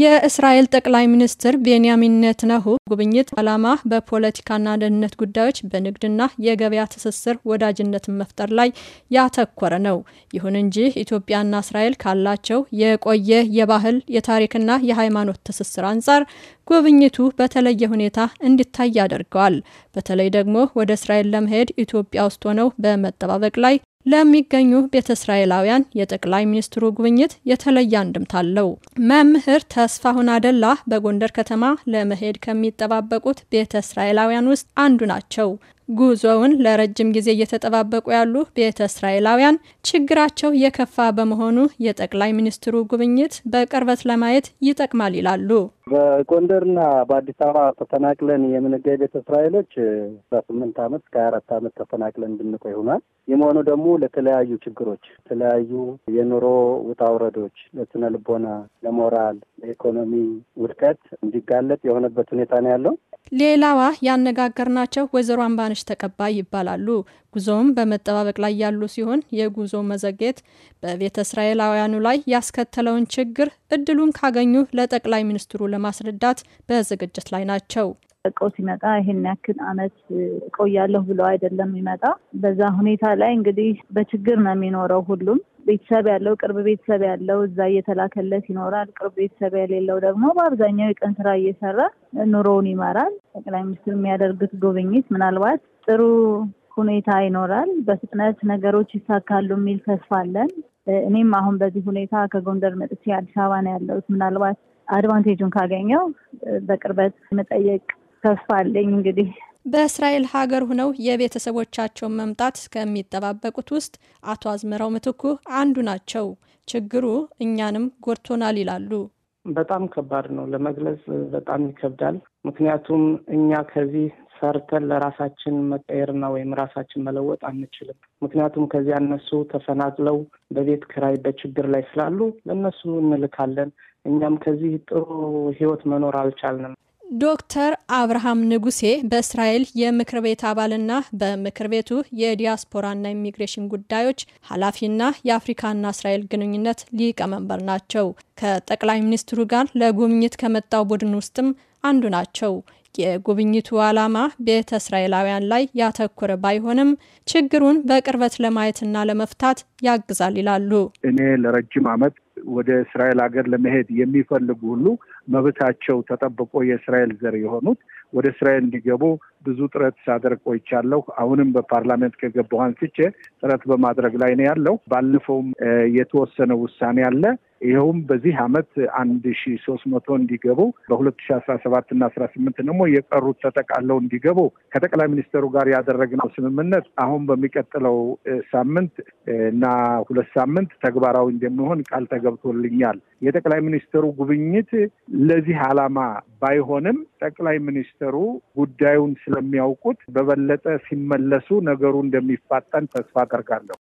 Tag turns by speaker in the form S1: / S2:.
S1: የእስራኤል ጠቅላይ ሚኒስትር ቤንያሚን ኔትነሁ ጉብኝት ዓላማ በፖለቲካና ደህንነት ጉዳዮች፣ በንግድና የገበያ ትስስር ወዳጅነትን መፍጠር ላይ ያተኮረ ነው። ይሁን እንጂ ኢትዮጵያና እስራኤል ካላቸው የቆየ የባህል የታሪክና የሃይማኖት ትስስር አንጻር ጉብኝቱ በተለየ ሁኔታ እንዲታይ ያደርገዋል። በተለይ ደግሞ ወደ እስራኤል ለመሄድ ኢትዮጵያ ውስጥ ሆነው በመጠባበቅ ላይ ለሚገኙ ቤተ እስራኤላውያን የጠቅላይ ሚኒስትሩ ጉብኝት የተለየ አንድምታ አለው። መምህር ተስፋሁን አደላ በጎንደር ከተማ ለመሄድ ከሚጠባበቁት ቤተ እስራኤላውያን ውስጥ አንዱ ናቸው። ጉዞውን ለረጅም ጊዜ እየተጠባበቁ ያሉ ቤተ እስራኤላውያን ችግራቸው የከፋ በመሆኑ የጠቅላይ ሚኒስትሩ ጉብኝት በቅርበት ለማየት ይጠቅማል ይላሉ።
S2: በጎንደርና በአዲስ አበባ ተፈናቅለን የምንገኝ ቤተ እስራኤሎች በስምንት ዓመት እስከ ሀያ አራት ዓመት ተፈናቅለን እንድንቆይ ሆኗል። የመሆኑ ደግሞ ለተለያዩ ችግሮች፣ የተለያዩ የኑሮ ውጣ ውረዶች፣ ለስነ ልቦና፣ ለሞራል፣ ለኢኮኖሚ ውድቀት እንዲጋለጥ የሆነበት ሁኔታ ነው ያለው።
S1: ሌላዋ ያነጋገርናቸው ወይዘሮ አምባነ የስልጣንሽ ተቀባይ ይባላሉ። ጉዞውም በመጠባበቅ ላይ ያሉ ሲሆን የጉዞ መዘግየት በቤተ እስራኤላውያኑ ላይ ያስከተለውን ችግር እድሉን ካገኙ ለጠቅላይ ሚኒስትሩ ለማስረዳት በዝግጅት ላይ ናቸው። ቀው ሲመጣ ይሄን ያክል
S3: አመት እቆያለሁ ብለው አይደለም ይመጣ። በዛ ሁኔታ ላይ እንግዲህ በችግር ነው የሚኖረው ሁሉም ቤተሰብ ያለው ቅርብ ቤተሰብ ያለው እዛ እየተላከለት ይኖራል። ቅርብ ቤተሰብ የሌለው ደግሞ በአብዛኛው የቀን ስራ እየሰራ ኑሮውን ይመራል። ጠቅላይ ሚኒስትር የሚያደርጉት ጉብኝት ምናልባት ጥሩ ሁኔታ ይኖራል። በፍጥነት ነገሮች ይሳካሉ የሚል ተስፋ አለን። እኔም አሁን በዚህ ሁኔታ ከጎንደር መጥቼ አዲስ አበባ ነው ያለሁት። ምናልባት አድቫንቴጁን ካገኘው በቅርበት መጠየቅ ተስፋ አለኝ እንግዲህ
S1: በእስራኤል ሀገር ሆነው የቤተሰቦቻቸውን መምጣት ከሚጠባበቁት ውስጥ አቶ አዝመራው ምትኩ አንዱ ናቸው። ችግሩ እኛንም ጎድቶናል ይላሉ።
S2: በጣም ከባድ ነው፣ ለመግለጽ በጣም ይከብዳል። ምክንያቱም እኛ ከዚህ ሰርተን ለራሳችን መቀየርና ወይም ራሳችን መለወጥ አንችልም። ምክንያቱም ከዚያ እነሱ ተፈናቅለው በቤት ክራይ በችግር ላይ ስላሉ ለእነሱ እንልካለን። እኛም ከዚህ ጥሩ ህይወት መኖር አልቻልንም።
S1: ዶክተር አብርሃም ንጉሴ በእስራኤል የምክር ቤት አባልና በምክር ቤቱ የዲያስፖራና ኢሚግሬሽን ጉዳዮች ኃላፊና የአፍሪካና እስራኤል ግንኙነት ሊቀመንበር ናቸው። ከጠቅላይ ሚኒስትሩ ጋር ለጉብኝት ከመጣው ቡድን ውስጥም አንዱ ናቸው። የጉብኝቱ ዓላማ ቤተ እስራኤላውያን ላይ ያተኮረ ባይሆንም ችግሩን በቅርበት ለማየትና ለመፍታት ያግዛል ይላሉ።
S2: እኔ ለረጅም ዓመት ወደ እስራኤል ሀገር ለመሄድ የሚፈልጉ ሁሉ መብታቸው ተጠብቆ የእስራኤል ዘር የሆኑት ወደ እስራኤል እንዲገቡ ብዙ ጥረት ሳደርግ ቆይቻለሁ። አሁንም በፓርላሜንት ከገባሁ አንስቼ ጥረት በማድረግ ላይ ነው ያለው። ባለፈውም የተወሰነ ውሳኔ አለ። ይኸውም በዚህ አመት አንድ ሺ ሶስት መቶ እንዲገቡ በሁለት ሺ አስራ ሰባት እና አስራ ስምንት ደግሞ የቀሩት ተጠቃለው እንዲገቡ ከጠቅላይ ሚኒስትሩ ጋር ያደረግነው ስምምነት አሁን በሚቀጥለው ሳምንት እና ሁለት ሳምንት ተግባራዊ እንደሚሆን ቃል ተገብቶልኛል። የጠቅላይ ሚኒስትሩ ጉብኝት ለዚህ አላማ ባይሆንም ጠቅላይ ሚኒስትሩ ጉዳዩን ስለሚያውቁት በበለጠ ሲመለሱ ነገሩ እንደሚፋጠን ተስፋ አደርጋለሁ።